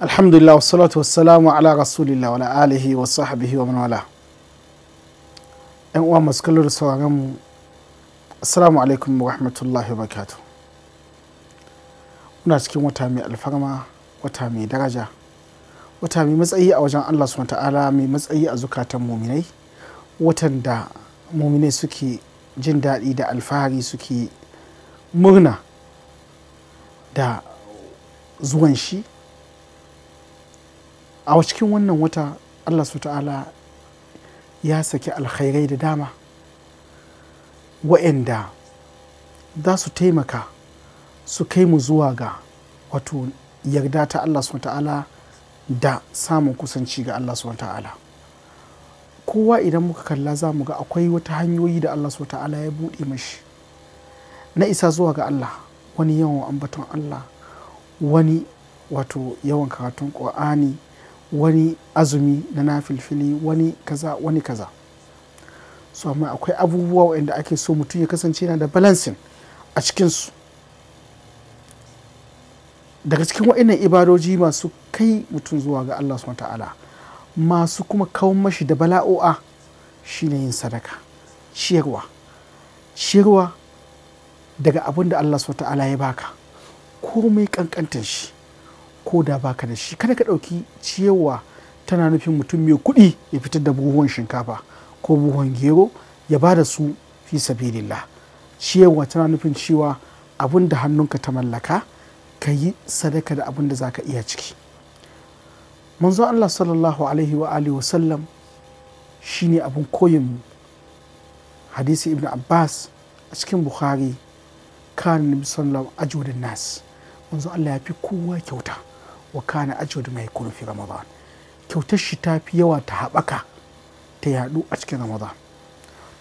alhamdulillah wassalatu wassalamu ala rasulillah wa alihi wa sahbihi wa manwala yan uwa masu kallon da sauraron mu assalamu alaikum wa rahmatullahi wa barakatu muna cikin wata mai alfarma wata mai daraja wata mai matsayi a wajen allah subhanahu ta'ala mai matsayi a zukatan muminai watan da muminai suke jin daɗi da alfahari suke murna da zuwan shi a cikin wannan wata allah su ta'ala ya saki alkhairai da dama wa'anda za su taimaka su kai mu zuwa ga wato yarda ta allah su ta'ala da samun kusanci ga allah su ta'ala kowa idan muka kalla za mu ga akwai wata hanyoyi da allah su ta'ala ya buɗe mashi na isa zuwa ga allah wani yawan ambaton allah wani wato yawan karatun ƙwa'ani wani azumi na nafilfili wani kaza wani kaza so amma akwai abubuwa waɗanda ake so mutum ya kasance yana da balancing a cikinsu daga cikin waɗannan ibadoji masu kai mutum zuwa ga Allah subhanahu ta'ala masu kuma kawo mashi da bala'o'a shine yin sadaka ciyarwa ciyarwa daga abin da Allah subhanahu ta'ala ya baka komai kankantar shi ko da baka da shi kada ka ɗauki ciyawa tana nufin mutum mai kuɗi ya fitar da buhuwan shinkafa ko buhuwan gero ya ba da su fi sabilillah Cewa tana nufin cewa abin da hannunka ta mallaka ka yi sadaka da abin da za ka iya ciki manzo Allah sallallahu alaihi wa alihi wa sallam shi ne abin koyin hadisi ibn Abbas a cikin Bukhari kan nabi sallallahu alaihi wa nas manzo Allah ya fi kowa kyauta wa kana ajwad ma yakunu fi ramadan kyautar shi ta fi yawa ta haɓaka ta yadu a cikin ramadan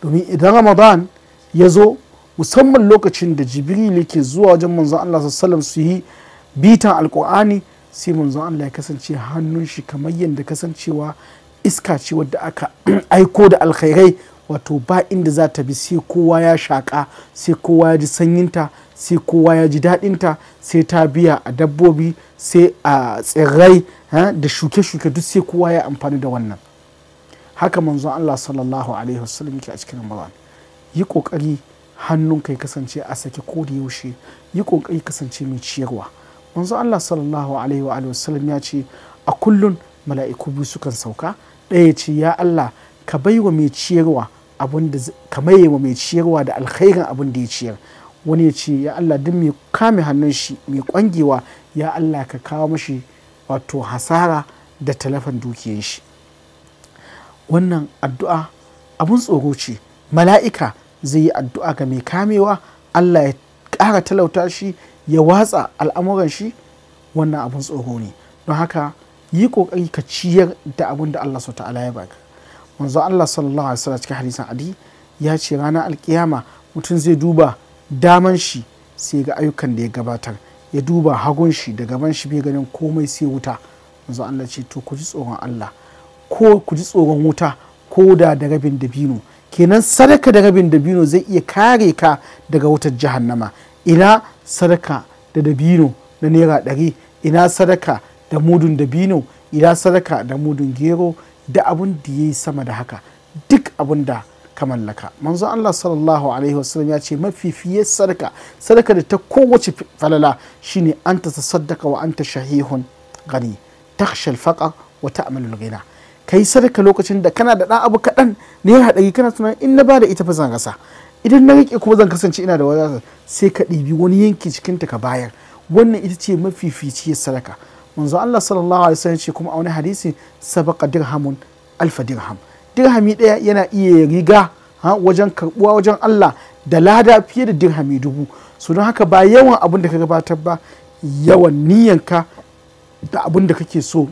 domin idan ramadan ya zo musamman lokacin da jibril yake zuwa wajen manzon Allah sallallahu su yi bitan alkur'ani sai manzon Allah ya kasance hannun shi kamar yadda kasancewa iska ce wadda aka aiko da alkhairai wato ba inda za ta bi sai kowa ya shaƙa sai kowa ya ji sanyinta sai kowa ya ji daɗinta sai ta biya a dabbobi sai a tsirrai da shuke-shuke duk sai kowa ya amfani da wannan haka manzon Allah sallallahu alaihi wasallam yake a cikin Ramadan yi kokari hannun kai kasance a sake ko da yaushe yi kokari kasance mai ciyarwa manzon Allah sallallahu alaihi wa wasallam ya ce a kullun mala'iku biyu sukan sauka ɗaya ce ya Allah ka baiwa mai ciyarwa abin da ka maye wa mai ciyarwa da alkhairin abin da ya ciyar wani ya ce ya Allah duk mai kame hannun shi mai kwangewa ya Allah ka kawo mashi wato hasara da talafan dukiyar shi wannan addu'a abun tsoro ce mala'ika zai yi addu'a ga mai kamewa Allah ya ƙara talauta shi ya watsa al'amuran shi wannan abun tsoro ne don haka yi ƙoƙari ka ciyar da abin da Allah ta'ala ya baka manzo Allah sallallahu alaihi wasallam cikin hadisin adi ya ce ranar alkiyama mutum zai duba daman shi sai ga ayyukan da ya gabatar ya duba hagun shi da gaban shi bai ganin komai sai wuta manzo Allah ce to ku ji tsoron Allah ko ku ji tsoron wuta ko da da rabin dabino kenan sadaka da rabin dabino zai iya kare ka daga wutar jahannama ina sadaka da dabino na naira ɗari ina sadaka da mudun dabino ina sadaka da mudun gero da abun da ya yi sama da haka duk abun da ka mallaka manzo Allah sallallahu alaihi wasallam ya ce mafifiye sadaka sadaka da ta kowace falala shine an ta saddaka wa anta shahihun gani takhshal faqa wa ta'malul ghina kai sadaka lokacin da kana da dan abu kadan ne ya hadari kana tunanin in na bada ita fa zan rasa idan na rike kuma zan kasance ina da wadata sai ka ɗibi wani yanki cikin ta ka bayar wannan ita ce mafificiyar sadaka manzo Allah sallallahu alaihi wasallam ce kuma a wani hadisi sabaqa dirhamun alfa dirham dirhami ɗaya yana iya riga wajen karbuwa wajen Allah da lada fiye da dirhami dubu so don haka ba yawan abin da ka gabatar ba yawan niyanka da abin da kake so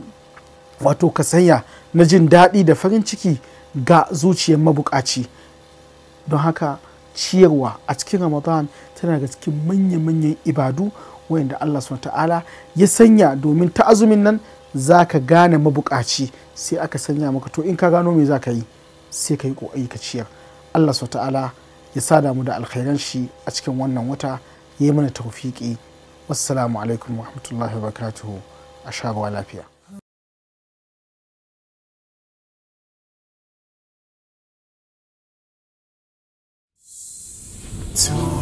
wato ka sanya na jin daɗi da farin ciki ga zuciyar mabukaci don haka ciyarwa a cikin ramadan tana ga cikin manya-manyan ibadu wayanda allah ta'ala ya sanya domin ta azumin nan za ka gane mabukaci sai aka sanya maka to in ka gano me za ka yi sai ka yi ka ciyar Allah su ta'ala ya sada mu da alkhairan shi a cikin wannan wata ya yi mana taufiƙi wassalamu alaikum wa rahmatullahi wa a sha lafiya So.